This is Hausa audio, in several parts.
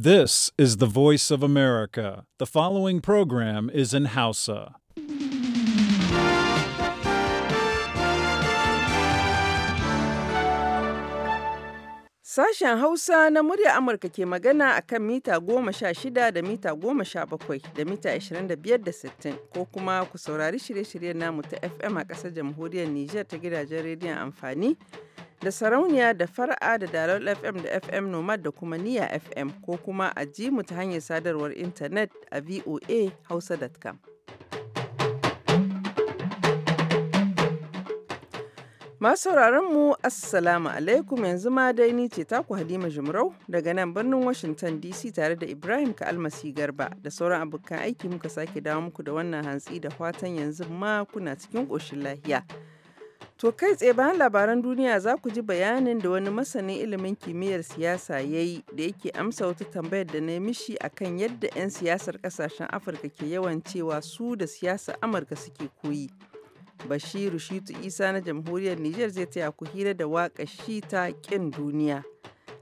This is the voice of America. The following program is in Hausa. Sashen Hausa na murya Amurka ke magana a kan mita goma sha shida da mita goma sha bakwai da mita ashirin da biyar da sittin ko kuma ku saurari shirye-shiryen namu ta FM a ƙasar jamhuriyar Nijar ta gidajen rediyon amfani da sarauniya da fara'a da dalol fm da fm nomad da kuma niya fm ko kuma a ji mu ta hanyar sadarwar intanet a voa hausa.com Masu mu Assalamu alaikum yanzu ma dai ni ce taku Halima Jumrau daga nan birnin Washington DC tare da Ibrahim Kalmasi Garba da sauran abokan aiki muka sake dawo muku da wannan hantsi da fatan yanzu ma kuna cikin ƙoshin lahiya. To kai tsaye bayan labaran duniya za ku ji bayanin da wani masanin ilimin kimiyyar siyasa ya yi da yake amsa wata tambayar da na yi mishi kan yadda 'yan siyasar kasashen Afirka ke yawan cewa su da siyasa Amurka suke koyi. Bashiru Shitu Isa na jamhuriyar Nijar zai taya ku hira da waka shi ta ƙin duniya.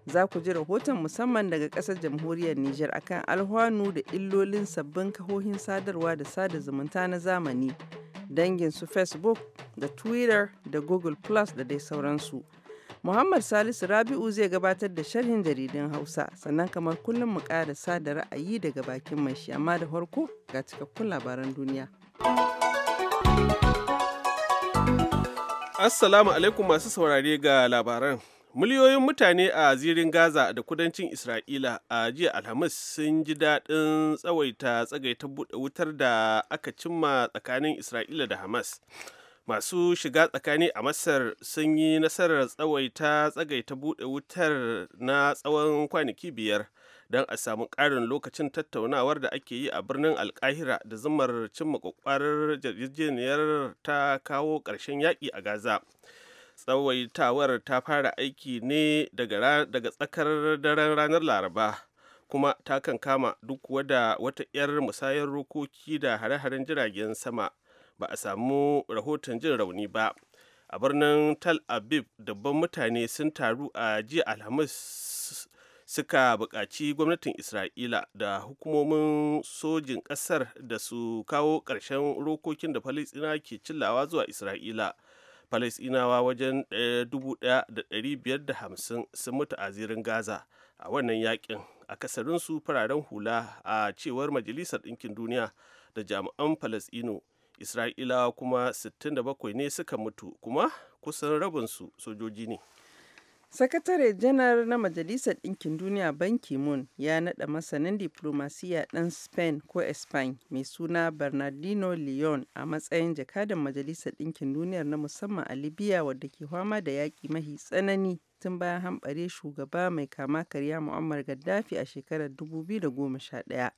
Za ku ji rahoton musamman daga ƙasar jamhuriyar Nijar akan alhwanu da illolin sabbin kahohin sadarwa da sada zumunta na zamani. dangin su facebook da twitter da google plus da dai sauransu muhammad salisu rabi'u zai gabatar da sharhin jaridun hausa sannan kamar kullum mu ƙarasa da ra'ayi daga bakin mai shi amma da farko ga cikakkun labaran duniya assalamu alaikum masu saurare ga labaran Miliyoyin mutane a zirin Gaza da kudancin Isra'ila a jiya Alhamis sun ji daɗin tsawaita tsagaita buɗe wutar da aka cimma tsakanin Isra'ila da Hamas. Masu shiga tsakani a Masar sun yi nasarar tsawaita tsagaita buɗe wutar na tsawon kwanaki biyar don a samu ƙarin lokacin tattaunawar da ake yi a birnin alkahira da zumar cimma kwakwarar yarjejeniyar ta kawo ƙarshen yaƙi a Gaza. tsawaitawar ta fara aiki ne daga tsakar daren ranar laraba kuma ta kan kama duk wada wata 'yar musayar rokoki da hare-haren jiragen sama ba a samu rahoton jin rauni ba a birnin tal abib dabban mutane sun taru a jiya alhamis suka buƙaci gwamnatin isra'ila da hukumomin sojin ƙasar da su kawo ƙarshen rokokin da falisina ke cillawa zuwa isra'ila falasinawa wajen 1,550 eh, sun mutu a zirin gaza a wannan yakin akasarinsu fararen hula a cewar majalisar ɗinkin duniya da jami'an falasino isra'ilawa kuma 67 ne suka mutu kuma kusan rabinsu sojoji ne Sakatare janar na Majalisar Ɗinkin Duniya Ban Ki-moon ya naɗa masanin diflomasiyya ɗan Spain ko espan mai suna Bernardino Leon a matsayin jakadan Majalisar Ɗinkin Duniyar na musamman a Libya wadda ke fama da yaƙi mahi tsanani tun bayan hambare shugaba mai kama karya Muammar Gaddafi a shekarar 2011.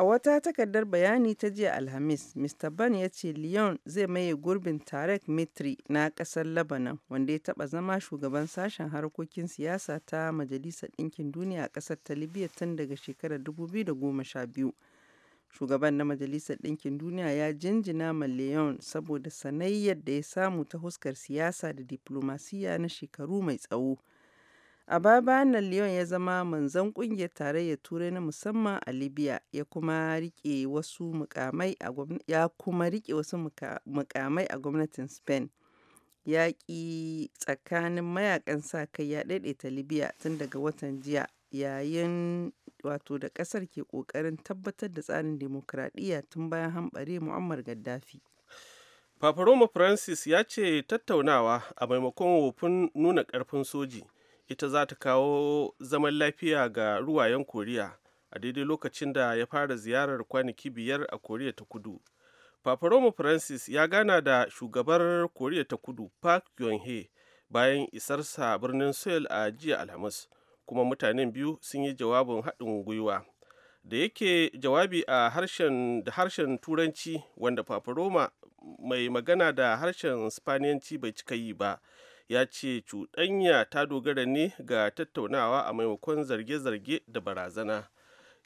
A wata takardar bayani ta jiya Alhamis, Mr. Ban ya ce Lyon zai maye gurbin Tarek Mitri na ƙasar Lebanon, wanda ya taɓa zama shugaban sashen harkokin siyasa ta Majalisar Ɗinkin Duniya a ƙasar ta Libya tun daga shekarar 2012. Shugaban na Majalisar Ɗinkin Duniya ya jinjina ma Lyon saboda sanayyar da ya samu ta huskar siyasa da diplomasiya na shekaru mai tsawo. A baya Leon ya zama manzon ƙungiyar Tarayyar Turai na musamman a Libya, ya kuma rike wasu mukamai a gwamnatin Spain. Yaƙi tsakanin mayakan sa-kai ya daidaita Libya tun daga watan jiya, yayin wato da ƙasar ke ƙoƙarin tabbatar da tsarin demokradiyya tun bayan hambare Muammar Gaddafi. Papa Francis ya ce tattaunawa a maimakon wofin nuna ƙarfin soji. ita za ta kawo zaman lafiya ga ruwayen koriya a daidai lokacin da ya fara ziyarar kwanaki biyar a koriya ta kudu paparoma francis ya gana da shugabar koriya ta kudu park geun-hye bayan isarsa birnin seoul a jiya alhamis kuma mutanen biyu sun yi jawabin haɗin gwiwa da yake jawabi a harshen da harshen turanci wanda paparoma mai magana da harshen spaniyanci bai cika yi ba ya ce cuɗanya ta dogara ne ga tattaunawa a maimakon zarge-zarge da barazana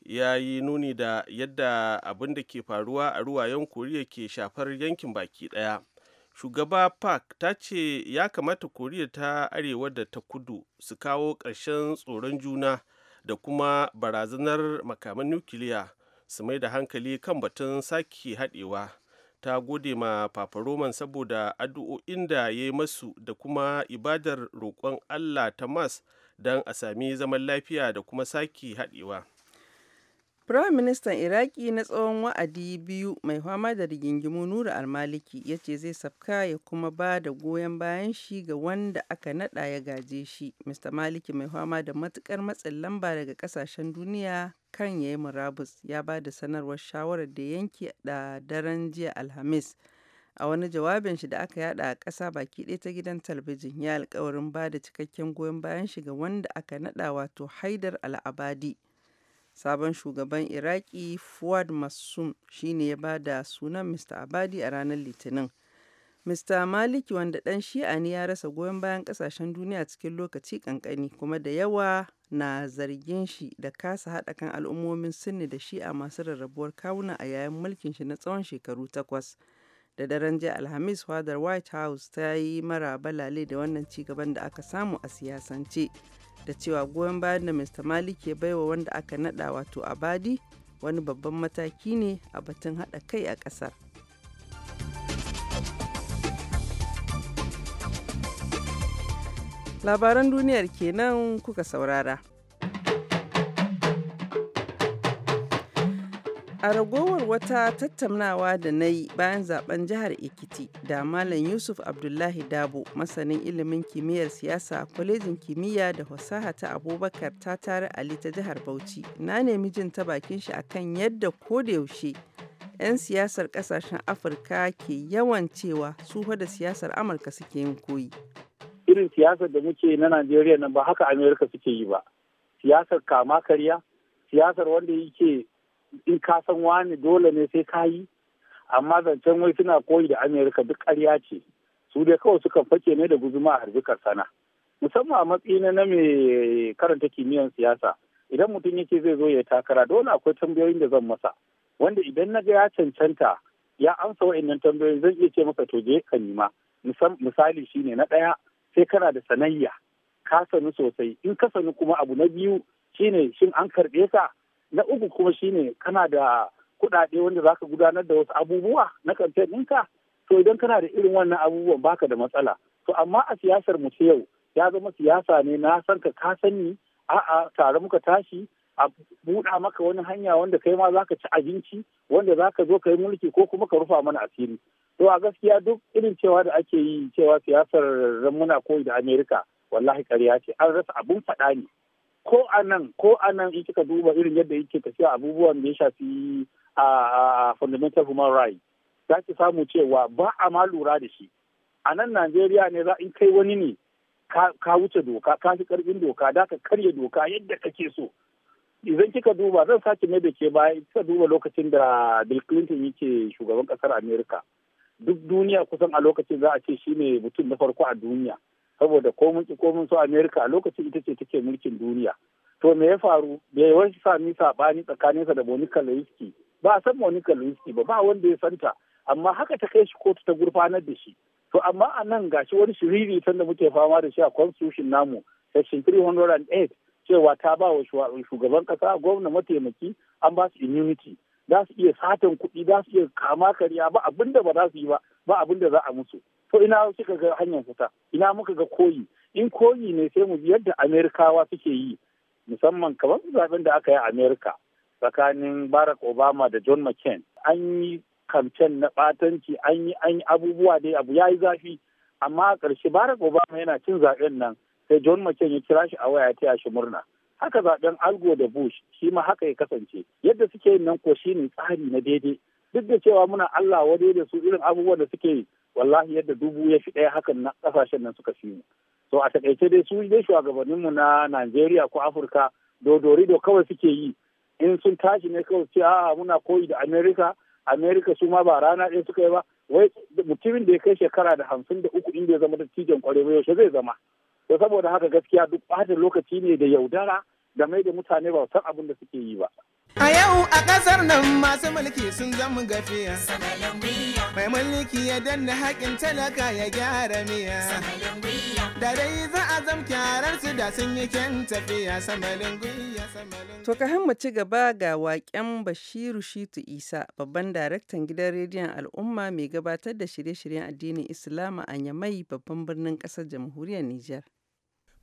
ya yi nuni da yadda abin da ke faruwa a ruwayen koriya ke shafar yankin baki ɗaya shugaba park ta ce ya kamata koriya ta arewa da ta kudu su kawo ƙarshen tsoron juna da kuma barazanar makaman nukiliya su mai da hankali kan batun sake haɗewa ta gode ma Papa Roman saboda addu'o'in da ya yi masu da kuma ibadar roƙon Allah ta Mas don a sami zaman lafiya da kuma sake haɗewa. ministan Iraki na tsawon wa'adi biyu mai fama da rigingimu nura almaliki ya ce zai sabka ya kuma ba da goyon bayan shi ga wanda aka naɗa ya gaje shi. Mr. Maliki mai fama da matukar matsin lamba daga kasashen duniya kan yayi murabus ya ba da sanarwar shawarar da yanke da daren jiya Alhamis. A wani jawabin shi da aka yada a ƙasa baki ɗaya ta gidan talabijin ya alkawarin ba da cikakken goyon bayan shi ga wanda aka naɗa wato Haidar al'abadi. Sabon shugaban Iraki Fuad masum shine ya ba da sunan Mr. Abadi a ranar Litinin. Mr. Maliki wanda dan shi'a ne ya rasa goyon bayan kasashen duniya cikin lokaci kankani kuma da yawa na zargin shi da kasa haɗa kan al'ummomin Sunni da shi'a masu rarrabuwar kawuna a yayin mulkin shi na tsawon shekaru takwas. da daren jiya alhamis fadar white house ta yi mara balale da wannan cigaban da aka samu a siyasance da cewa goyon bayan da mr malik ya baiwa wanda aka nada wato abadi wani babban mataki ne a batun hada kai a kasar labaran duniyar kenan kuka saurara A ragowar wata tattaunawa da na yi bayan zaben jihar Ekiti da Malam Yusuf Abdullahi Dabo, masanin ilimin kimiyyar siyasa kwalejin kimiyya da fasaha ta Abubakar ta tare Ali ta jihar Bauchi, na nemi jin ta bakin shi akan yadda ko da yaushe 'yan siyasar kasashen Afirka ke yawan cewa su da siyasar Amurka suke yin koyi. Irin siyasar da muke na Najeriya nan ba haka Amerika suke yi ba. Siyasar kama karya, siyasar wanda yake in ka san wani dole ne sai ka yi amma zancen wai suna koyi da amerika duk karya ce su dai kawai sukan fake ne da guzuma a harbikar sana musamman a matsayin na mai karanta kimiyyar siyasa idan mutum yake zai zo ya takara dole akwai tambayoyin da zan masa wanda idan na ga ya cancanta ya amsa wa'annan tambayoyin zan iya ce maka to je ka nima misali shine na ɗaya sai kana da sanayya ka sanu sosai in ka sanu kuma abu na biyu shine shin an karɓe ka na uku kuma shine kana da kuɗaɗe wanda zaka gudanar da wasu abubuwa na kamfen ɗinka to idan kana da irin wannan abubuwan baka da matsala to amma a siyasar mu ta yau ya zama siyasa ne na san ka ka sani a'a tare muka tashi a buɗa maka wani hanya wanda kai ma zaka ci abinci wanda zaka zo ka mulki ko kuma ka rufa mana asiri to a gaskiya duk irin cewa da ake yi cewa siyasar muna koyi da amerika wallahi ƙarya ce an rasa abun faɗa ne ko a nan ko a nan in kika duba irin yadda yake tafiya abubuwan da ya shafi a fundamental human rights za ki samu cewa ba a ma lura da shi a nan najeriya ne za in kai wani ne ka wuce doka ka fi karfin doka da ka karya doka yadda kake so idan kika duba zan sake mai da ke baya kika duba lokacin da bill clinton yake shugaban kasar america duk duniya kusan a lokacin za a ce ne mutum na farko a duniya saboda ko mun ki ko so Amerika a lokacin ita ce take mulkin duniya to me ya faru Me ya wani sami sabani tsakaninsa da Monica Lewinsky ba a san Monica Lewinsky ba ba wanda ya santa amma haka ta kai shi kotu ta gurfanar da shi to amma a nan gashi wani shiriri san da muke fama da shi a constitution namu section 308 cewa ta ba wa shugaban kasa gwamna mataimaki an ba su immunity za su iya satan kuɗi za su iya kama karya ba abin da ba za su yi ba ba abin da za a musu to ina suka ga hanyar fita ina muka ga koyi in koyi ne sai mu yadda amerikawa suke yi musamman kamar zaben da aka yi a amerika tsakanin barack obama da john mccain an yi kamfen na batanci an yi an yi abubuwa dai abu ya yi zafi amma a ƙarshe barack obama yana cin zaɓen nan sai john mccain ya kira shi a waya ya shi murna haka zaɓen algo da bush shi ma haka ya kasance yadda suke yin nan ko shi ne tsari na daidai duk da cewa muna allah wadai da su irin abubuwan da suke yi wallahi yadda dubu ya fi ɗaya hakan na ƙasashen nan suka fi mu so a taƙaice dai su dai mu na Najeriya ko Afirka dodorido kawai suke yi in sun tashi ne kawai ce a'a muna koyi da Amerika Amerika su ma ba rana ɗaya suka yi ba wai mutumin da ya kai shekara da hamsin da uku inda ya zama dattijan cijen ƙwarewa yaushe zai zama to saboda haka gaskiya duk ɓata lokaci ne da yaudara da mai da mutane ba san abin da suke yi ba A yau a ƙasar nan masu mulki sun zama gafiya. Mai mulki ya danna haƙin talaka ya gyara miya. Da dai za a zam su da sun yi kyan tafiya To ka mu ci gaba ga waƙen Bashiru Shitu Isa babban daraktan gidan rediyon al'umma mai gabatar da shirye-shiryen addinin Islama a Yamai babban birnin ƙasar jamhuriyar Nijar.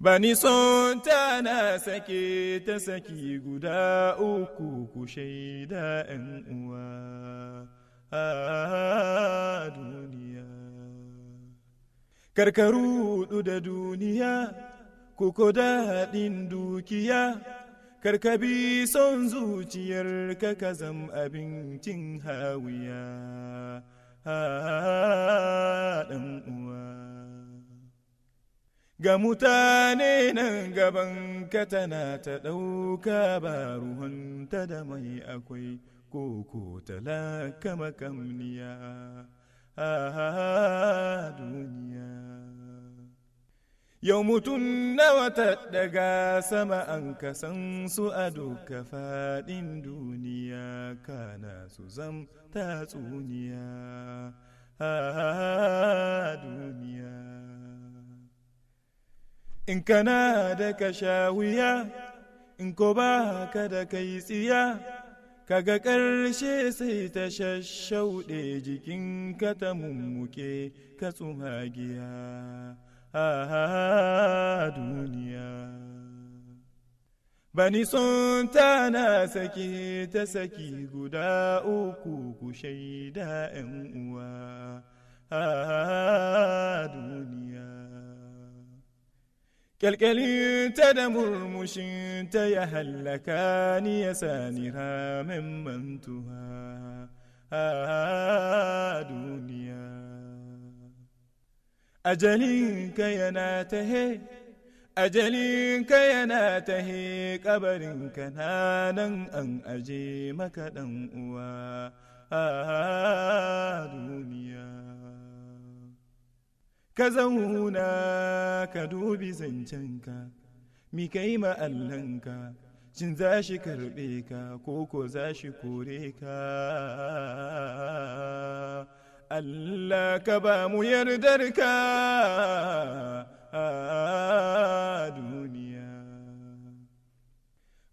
Bani son tana sake ta saki guda uku ku shaida ‘yan uwa a duniya. Karkaru da duniya, ku daɗin dukiya, karkabi son zuciyar ka ka abincin hawiya a ɗan uwa. ga mutane nan gaban ka tana ta ɗauka ba ruhanta da mai akwai koko talaka makamniya a duniya yau mutum nawa ta daga sama an kasan su a duka faɗin duniya kana su zam tatsuniya a duniya in kana da ka sha wuya in ko ba ka da kai tsiya kaga ƙarshe sai ta shashauɗe jikinka ta mummuke ka tsumagiya a duniya bani sun na saki ta saki guda uku ku shaida 'yan uwa a duniya كالكلين تدمر مشين تيهل لكان يسانها من منتها دنيا أجلينك يناته أجلينك يناته قبرك نانا أن أجي أجيمك ها دنيا ka zauna ka dubi zancenka mi kai ma allanka shin za shi karɓe ka ko ko za shi kore ka Allah ka ba mu yardar a duniya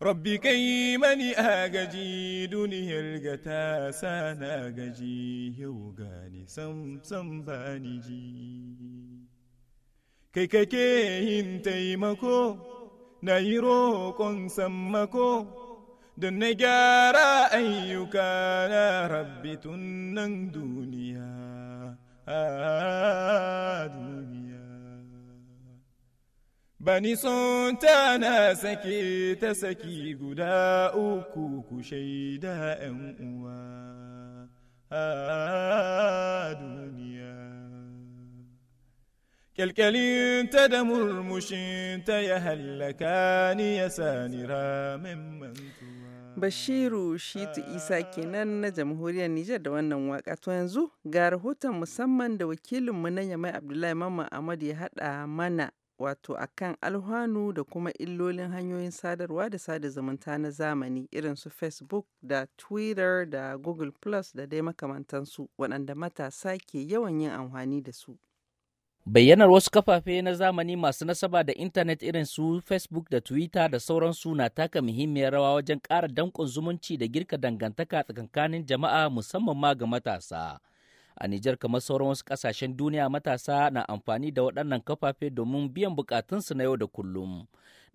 ربي كيمني أجي دوني هرجتا سانا أجي يوغاني سم سم باني جي كي كي كي انتي مكو نايرو كون سمكو دن نجارا أيوكا لا ربي تنن دوني آه دنيا Bani sun tana sake ta saki guda uku ku shaida ‘yan uwa a duniya. Kyalkyalinta da murmushinta ya hallaka ni ya sani ramin mantuwa. Bashiru Shitu Isa kenan na jamhuriyar Nijar da wannan waka to yanzu ga rahoton musamman da wakilinmu na Yamai Abdullahi Mamman Ahmad ya haɗa mana wato akan alhanu da kuma illolin hanyoyin sadarwa da sada zumunta na zamani irin su Facebook da Twitter da Google Plus da dai makamantansu waɗanda matasa ke yawan yin amfani da su. Bayyanar wasu kafafe na zamani masu nasaba da intanet irin su Facebook da Twitter da sauransu na taka muhimmiyar rawa wajen ƙara danƙon zumunci da girka dangantaka tsakankanin jama'a musamman ma ga matasa. a Nijar kamar sauran wasu kasashen duniya matasa na amfani da waɗannan kafafe domin biyan bukatunsu na yau da kullum.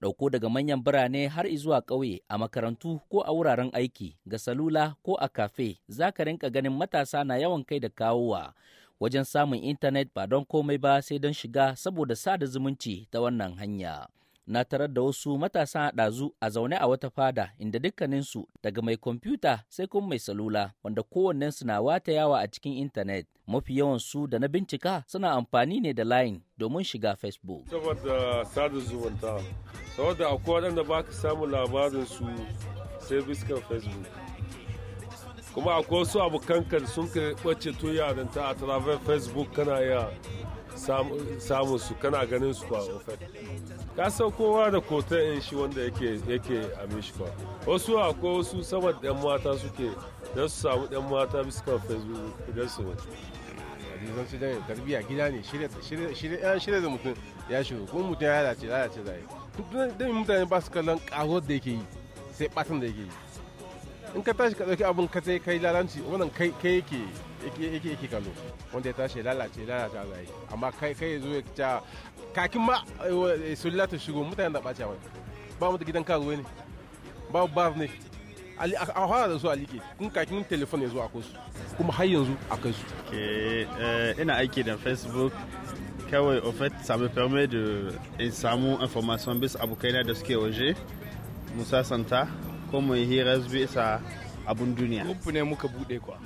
Ɗauko daga manyan birane har zuwa ƙauye a makarantu ko a wuraren aiki ga salula ko a kafe za ka rinka ganin matasa na yawan kai da kawowa wajen samun intanet ba don komai ba sai don shiga saboda sada zumunci ta wannan hanya. na tarar da wasu matasa ɗazu a zaune a wata fada inda dukkaninsu daga mai kwamfuta sai kuma mai salula wanda kowannensu na wata yawa a cikin intanet mafi yawansu da na bincika suna amfani ne da line domin shiga facebook saboda sada zumunta saboda akwai waɗanda ba ka samu labarin su sai biskan facebook kuma akwai wasu abokan ka sun ka ɓace tun yaranta a travers facebook kana iya samun su kana ganin su a ka sau kowa da in shi wanda yake yake a mishkwa wasu akwai wasu saman yan mata suke don su samu yan mata bisa facebook don su wace zan su dai tarbiya gida ne shirya da mutum ya shigo kuma mutum ya lalace lalace zai don mutane ba su kallon karuwar da yake yi sai batan da yake yi in ka tashi ka ɗauki abin ka sai kai lalanci wannan kai yake yi yake yake kallo wanda ya tashi lalace lalace a yi amma kai kai zo ya ta kakin ma eh, ta shigo mutane da ɓace wani ba mu da gidan karuwa ne ba ba ne a fara da su a liƙe kun kakin telefon ya zo a su kuma har yanzu a kai su eh, ina aiki da facebook kawai au fait ça me permet de in samu information bisa abokaina da suke waje musa santa ko mai hira bisa abun duniya ne muka bude kwa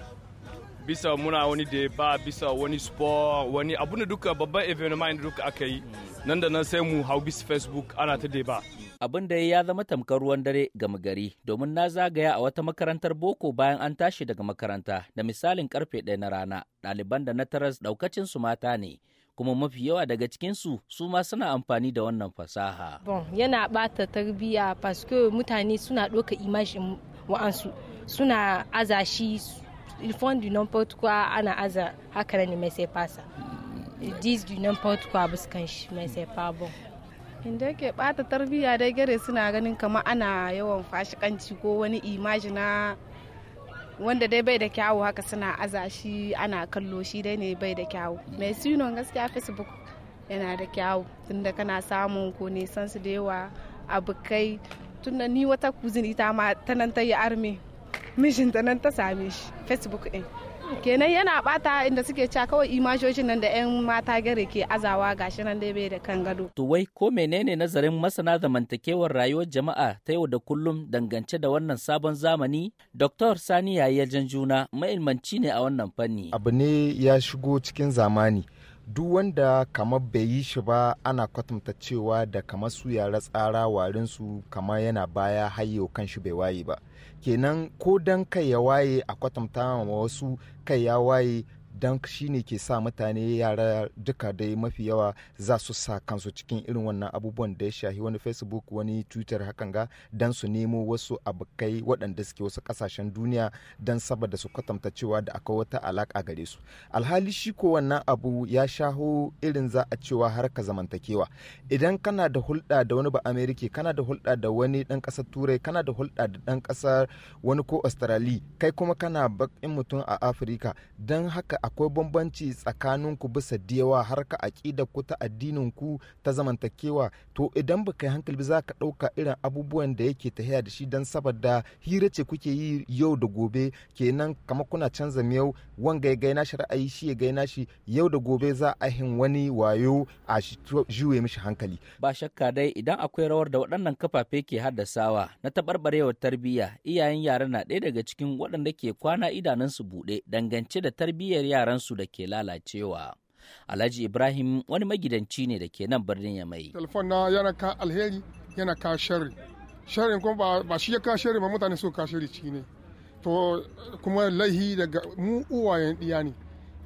bisa muna wani da ba bisa wani sport wani abu da duka babban evenement inda duka aka yi nan da nan sai mu hau bisa facebook ana ta da ba abin da ya zama tamkar ruwan dare gama gari domin na zagaya a wata makarantar boko bayan an tashi daga makaranta da misalin karfe ɗaya na rana ɗaliban da na taras ɗaukacin su mata ne kuma mafi yawa daga cikin su ma suna amfani da wannan fasaha. Bon, yana bata tarbiyya paske mutane suna ɗauka imajin wa'ansu suna azashi font du n'importe quoi ana aza haka ne mai sai fasa dis du n'importe quoi kan shi mai sai fa bon inda ke bata tarbiyya dai gare suna ganin kamar ana yawan fashikanci ko wani imajina wanda dai bai da kyawu haka suna aza shi ana kallo shi dai ne bai da kyawu mai sinon gaskiya facebook yana da kyawu tunda kana samun ko nisan su da yawa abokai tunda ni wata kuzin ita ma ta nan ta yi arme mijinta nan ta same shi facebook ɗin kenan yana bata inda suke cewa kawai imajojin nan da 'yan mata gare ke azawa gashi nan dai bai da kan gado. To wai ko menene nazarin masana zamantakewar rayuwar jama'a ta yau da kullum dangance da wannan sabon zamani? Dr. Sani yayi juna mailmanci ne a wannan fanni. Abu ne ya shigo cikin zamani. duk wanda kamar bai yi shi ba ana kwatanta cewa da kamar su yara tsara warin su kamar yana baya hayyo kan shi bai waye ba kenan ko dan kai ya waye a kwatanta ma wasu kai ya waye don shi ne ke sa mutane yara duka dai mafi yawa za su sa kansu cikin irin wannan abubuwan da ya shahi wani facebook wani twitter hakan ga don su nemo wasu abokai waɗanda suke wasu ƙasashen duniya don saboda su kwatanta cewa da akwai wata alaƙa gare su alhali shi ko wannan abu ya shaho irin za a cewa har ka zamantakewa idan kana da hulɗa da wani ba amerika kana da hulɗa da wani ɗan ƙasar turai kana da hulɗa da ɗan ƙasar wani ko australia kai kuma kana bakin mutum a afirka don haka akwai bambanci tsakanin ku bisa diyawa har ka aƙida ku ta addinin ku ta zamantakewa to idan ba kai hankali za ka ɗauka irin abubuwan da yake tahiya da shi don saboda hira ce kuke yi yau da gobe kenan kama kuna canza miyau wanga ya gaina shi ra'ayi shi ya gaina shi yau da gobe za a hin wani wayo a juye mishi hankali. Ba shakka dai idan akwai rawar da waɗannan kafafe ke haddasawa na taɓarɓarewar tarbiyya iyayen yara na ɗaya daga cikin waɗanda ke kwana idanunsu buɗe dangance da tarbiyyar yaransu da ke lalacewa. Alhaji Ibrahim wani magidanci ne da ke nan birnin ya mai. Telefon na yana ka alheri yana ka shari. Sharrin kuma ba shi ya ka shari ba mutane su ka shari ciki ne. To kuma laihi daga mu uwayen diya ne.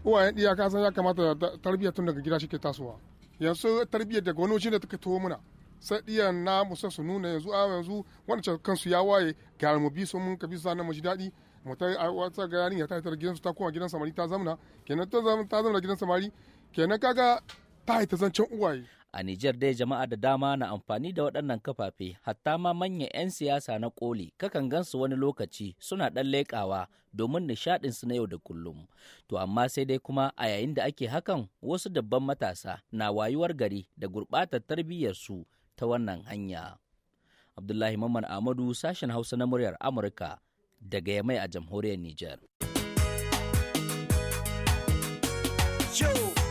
Uwayen diya ka san ya kamata da tarbiyyar tun daga gida shi ke tasowa. Yanzu tarbiyyar daga wani wajen da take tuwo muna. sai diyan na musa su nuna yanzu a ah, yanzu wancan kansu ya waye ga mu bi su mun ka bi na mu ji daɗi mu ta wata ga ya ta gidan su ta koma gidan samari ta zamna kenan ta zamna ta zamna gidan samari kenan kaga ta haita zancen uwaye a Nijar dai jama'a da dama na amfani da waɗannan kafafe hatta ma manya 'yan siyasa na koli kakan gansu wani lokaci suna ɗan leƙawa domin nishaɗin su na yau da kullum to amma sai dai kuma a yayin da ake hakan wasu dabban matasa na wayuwar gari da gurɓatar tarbiyyar su ta wannan hanya Abdullahi Mamman Amadu sashen Hausa na muryar Amurka daga Yamai a jamhuriyar Nijar. Yo,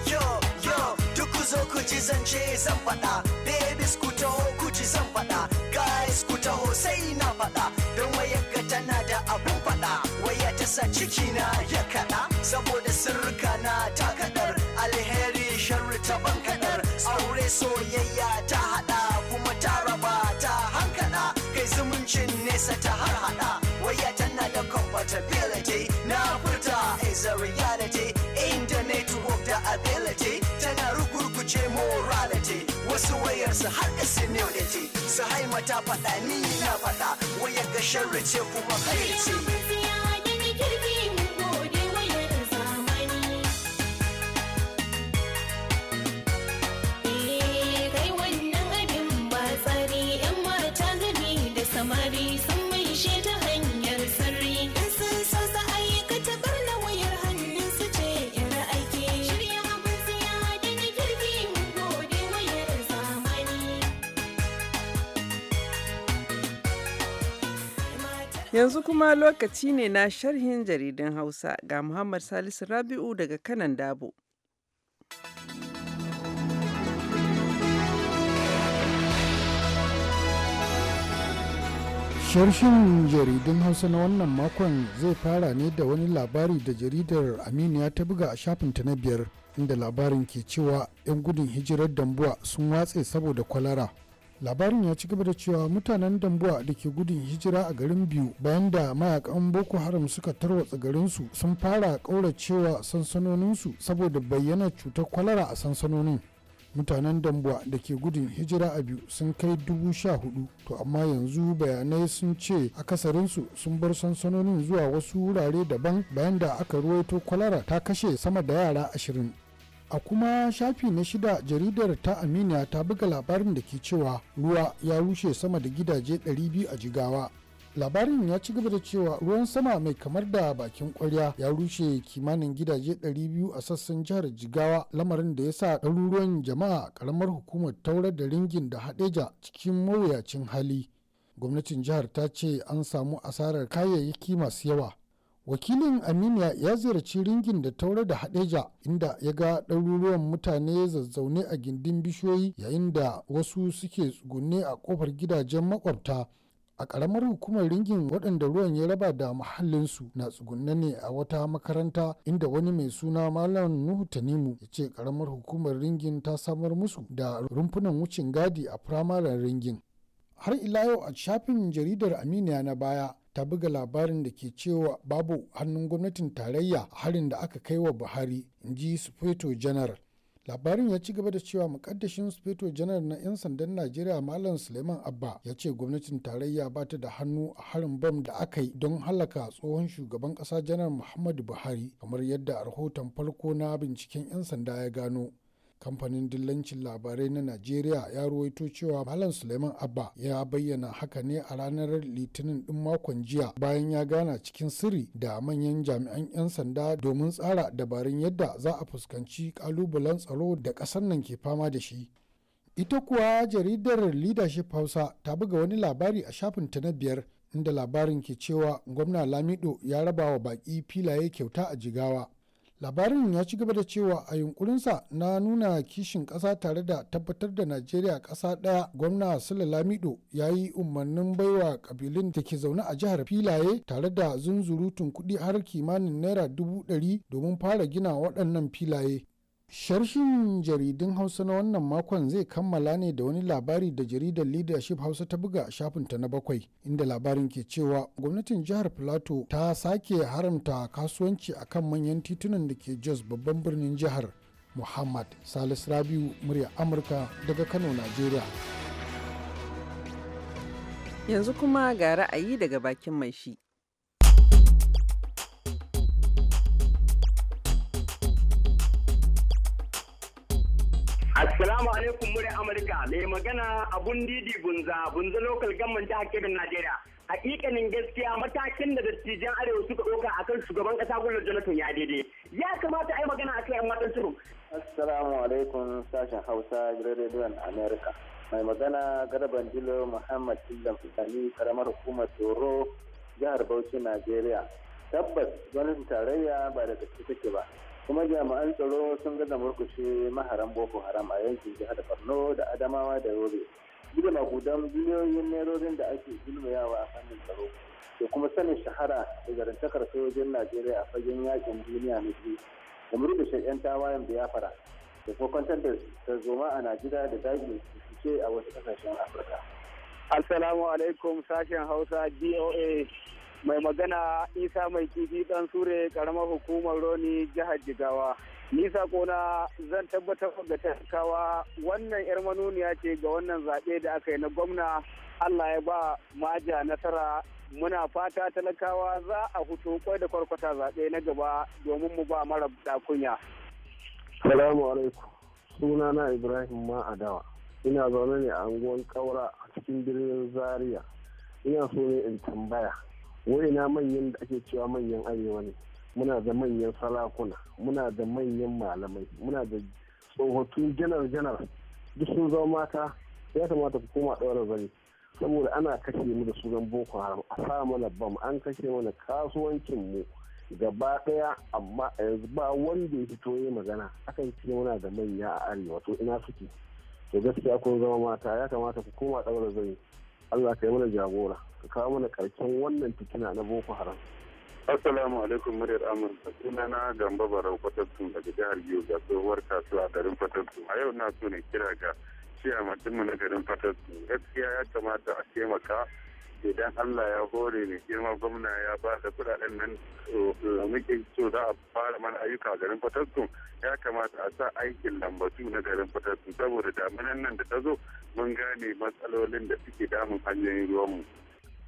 yo, yo, duk ku zo ku ji zance zan faɗa, babies ku taho ku zan faɗa, guys ku taho sai na faɗa, don wayarka tana da abun faɗa, waya ta sa ciki na ya kaɗa, saboda sirrika na ta kaɗar, alheri sharri ta ban kaɗar, aure soyayya ta haɗa kuma ta raba ta hankaɗa, kai zumuncin nesa ta har haɗa. portability na furta is a reality inda network da ability tana rugurguje morality wasu wayar su har da senility su ta faɗa ni na faɗa wayar ga sharri ce kuma kai ce Yanzu kuma lokaci ne na sharhin jaridun Hausa ga Muhammad Salisu Rabi'u daga kanan Dabo. Sharshin jaridun Hausa na wannan makon zai fara ne da wani labari da jaridar Aminiya ta buga a shafinta na biyar inda labarin ke cewa 'yan gudun hijirar Dambuwa sun watse saboda kwalara. labarin ya ci gaba da cewa mutanen dambuwa da ke gudun hijira a garin biyu bayan da mayakan boko haram suka tarwatsa garinsu sun fara kauracewa sansanoninsu saboda bayyana cutar kwalara a sansanonin mutanen dambuwa da ke gudun hijira a biyu sun kai dubu sha hudu to amma yanzu bayanai sun ce akasarinsu sun bar sansanonin zuwa wasu wurare daban bayan da aka ruwaito kwalara ta kashe sama da yara ashirin a kuma shafi na shida jaridar ta aminiya ta buga labarin da ke cewa ruwa ya rushe sama da gidaje 200 a jigawa labarin ya ci gaba da cewa ruwan sama mai kamar da bakin kwarya ya rushe kimanin gidaje 200 a sassan jihar jigawa lamarin da ya sa ɗaruruwan jama'a karamar hukumar taurar da ringin da haɗeja cikin mawuyacin hali gwamnatin jihar ta ce an samu asarar kayayyaki masu yawa wakilin aminiya ya ziyarci ringin da taura da hadeja inda ya ga ɗaruruwan mutane zazzaune a gindin bishiyoyi yayin da wasu suke tsugunne a kofar gidajen makwabta a ƙaramar hukumar ringin waɗanda ruwan ya raba da mahallinsu na tsugunne ne a wata makaranta inda wani mai suna malam nuhu tanimu ya ce ƙaramar hukumar ringin ta samar musu da rumfunan wucin gadi a firamaren ringin har ila yau a shafin jaridar aminiya na baya ta buga labarin da ke cewa babu hannun gwamnatin tarayya a harin da aka kai wa buhari in ji sufeto janar labarin ya ci gaba da cewa mukaddashin sufeto janar na 'yan sandan najeriya malam suleiman abba ya ce gwamnatin tarayya ba ta da hannu a harin bam da aka yi don halaka tsohon shugaban kasa janar muhammadu buhari kamar yadda a rahoton farko na binciken 'yan sanda ya gano kamfanin dillancin labarai na najeriya ya ruwaito cewa malam suleiman abba ya bayyana haka ne a ranar litinin din makon jiya bayan ya gana cikin sirri da manyan jami'an 'yan sanda domin tsara dabarun yadda za a fuskanci kalubalen tsaro da ƙasar nan ke fama da shi ita kuwa jaridar leadership hausa ta buga wani labari a shafin ta na biyar inda labarin ke cewa gwamna lamido ya raba wa baƙi filaye kyauta a jigawa labarin ya ci gaba da cewa a yunkurinsa na nuna kishin ƙasa tare da tabbatar da najeriya ƙasa ɗaya gwamna sule lamido ya yi umarnin baiwa ƙabilun da ke zaune a jihar filaye tare da zunzurutun kuɗi har kimanin naira dubu ɗari domin fara gina waɗannan filaye Sharshin jaridun Hausa na wannan makon zai kammala ne da wani labari da jaridar Leadership Hausa ta buga a shafinta na bakwai, inda labarin ke cewa gwamnatin jihar Plateau ta sake haramta kasuwanci a kan manyan titunan da ke Jos babban birnin jihar. Muhammad Salis Rabiu murya Amurka daga Kano, Najeriya. Yanzu kuma ga ra'ayi daga bakin mai shi. magana abun didi bunza bunza local government jihar Kebbi Najeriya. Hakikanin gaskiya matakin da dattijan Arewa suka ɗauka kan shugaban ƙasa Goodluck Jonathan ya daidai. Ya kamata a yi magana akan yan matan shiru. Assalamu alaikum sashen Hausa Radio America. Mai magana Garban jilo Muhammad Illam Fitani karamar hukumar Tsoro jihar Bauchi Najeriya. Tabbas gwamnatin tarayya ba da gaske take ba. kuma jami'an tsaro sun gada murkushe maharan boko haram a yankin jihar borno da adamawa da yobe gida magudan biliyoyin nerorin da ake zulmayawa a fannin tsaro da kuma sanin shahara da garantakar sojojin najeriya a fagen yakin duniya na biyu da murkushe 'yan tawayen biyafara da kwantar da tarzoma a najeriya da dagi suke a wasu kasashen afirka assalamu alaikum sashen hausa doa mai magana isa mai kifi dan sure karamar hukumar roni jihar jigawa ni kona zan tabbatar da talakawa wannan yar manuniya ce ga wannan zaɓe da aka yi na gwamna allah ya ba maja nasara muna fata talakawa za a hutu kwai da kwarkwata zaɓe na gaba domin mu ba mara kunya. salamu alaikum sunana ibrahim ma adawa ina zaune ne a anguwan kaura a cikin birnin zaria ina so ne in tambaya wa'ina manyan da ake cewa manyan arewa ne muna da manyan salakuna muna da manyan malamai muna da tsohotun janar janar duk sun zama mata ya kamata ku koma ɗaura zane saboda ana kashe mu da sunan boko haram a sa mana bam an kashe mana kasuwancin mu gaba ɗaya amma a yanzu ba wanda ya fito ya magana akan ce muna da manya a arewa to ina suke to gaskiya kun zama mata ya kamata ku koma ɗaura zane Allah ka yi mana jagora ka kawo mana karshen wannan fitina na Boko Haram. Assalamu alaikum muryar Amurka suna na Gamba Barau Fatattun daga jihar Biyu ga tsohuwar kasuwa garin Fatattun a yau na so ne kira ga ciya mutum na garin Fatattun gaskiya ya kamata a taimaka idan Allah ya hore mai girma gwamna ya ba da kudaden nan da muke so za a fara mana ayyuka garin fatattun ya kamata a sa aikin lambatu na garin fatattun saboda daminan nan da ta zo mun gane matsalolin da suke damun hanyoyin ruwanmu.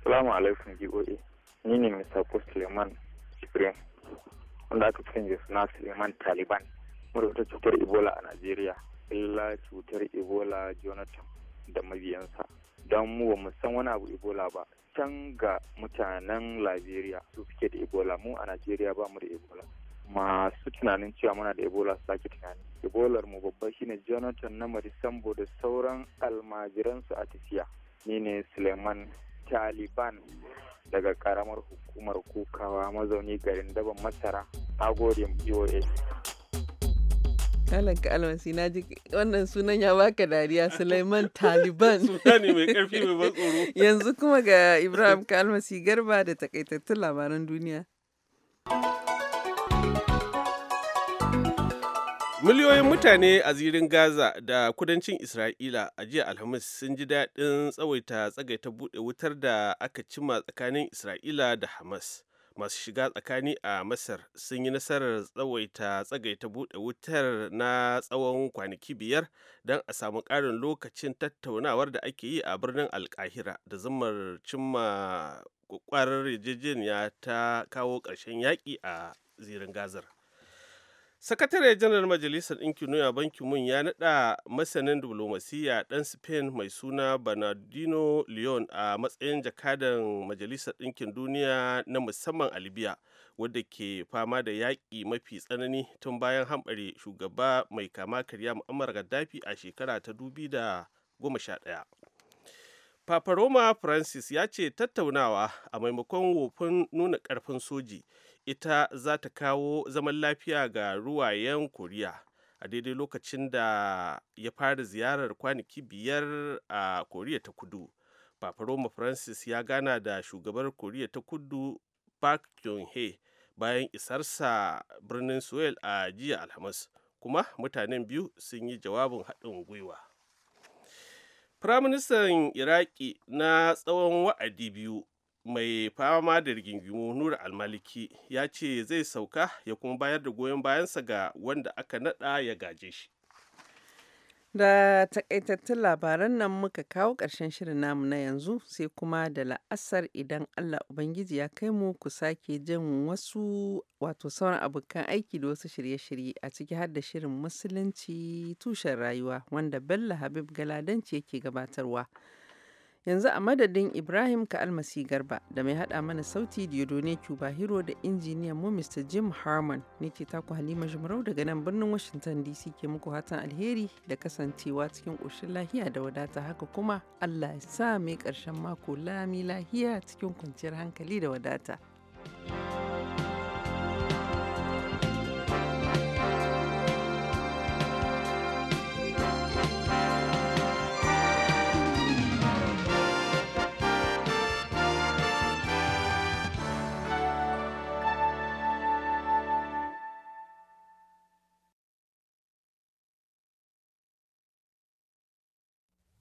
Salamu alaikum GOA. Ni ne Mr. Post Suleiman Ibrahim wanda aka fi suna Suleiman Taliban. wata cutar Ebola a Najeriya. Illa cutar Ebola Jonathan da mabiyansa. don mu ba mu san wani abu ebola ba can ga mutanen liberia su suke da ebola mu a najeriya ba mu da ebola masu tunanin cewa muna da ebola su sake tunani ebolar mu babba shine jonathan na marisambo da sauran almajiransu a tafiya ni ne suleiman taliban daga karamar hukumar kukawa mazauni garin daban masara a gode POA. Alan ka almasi na ji wannan sunan ya baka dariya Suleiman Taliban. Suna ne mai karfi mai ban Yanzu kuma ga Ibrahim ka almasi garba da takaitattun labaran duniya. Miliyoyin mutane a zirin Gaza da kudancin Isra'ila a jiya Alhamis sun ji daɗin tsawaita tsagaita buɗe wutar da aka cima tsakanin Isra'ila da Hamas. masu shiga tsakani a masar sun yi nasarar tsawaita tsagaita buɗe wutar na tsawon kwanaki biyar don a samu ƙarin lokacin tattaunawar da ake yi a birnin alkahira da zumar cimma kwakwarar yarjejeniya ta kawo ƙarshen yaƙi a zirin gazar sakatare janar majalisar ɗinkin nuna bankin mun ya naɗa masanin diplomasiya ɗan spain mai suna bernardino leon a matsayin jakadan majalisar ɗinkin duniya na musamman a libya wadda ke fama da yaƙi mafi tsanani tun bayan hamɓare shugaba mai kama karya mu'ammar gaddafi a shekara ta ɗaya. papa roma francis ya ce tattaunawa a maimakon wofin nuna ƙarfin soji ita za ta kawo zaman lafiya ga ruwayen koriya a daidai lokacin da ya fara ziyarar kwanaki biyar a koriya ta kudu roma francis ya gana da shugabar koriya ta kudu park jong he bayan isarsa birnin seoul a jiya alhamis kuma mutanen biyu sun yi jawabin haɗin gwiwa Firaministan Iraki na tsawon wa'adi biyu mai fama da rigingimu nura almaliki ya ce zai sauka ya kuma bayar da goyon bayansa ga wanda aka nada ya gaje shi da takaitattun labaran nan muka kawo ƙarshen shirin namu na yanzu sai kuma da la'asar idan allah ubangiji ya kai mu ku sake jin wasu wato sauran abokan aiki da wasu shirye-shirye a ciki har da shirin musulunci tushen rayuwa wanda bello habib galadanci yake gabatarwa. Yanzu a madadin Ibrahim ka almasi Garba da mai hada mana sauti Diodone Cuba Hero da injiniyan mu Mr. Jim Harman ne ke taku Halima jimarau daga nan birnin Washington DC ke muku hatan alheri da kasancewa cikin ƙoshin lahiya da wadata haka kuma Allah ya sa mai karshen mako lami lahiya cikin kwanciyar hankali da wadata.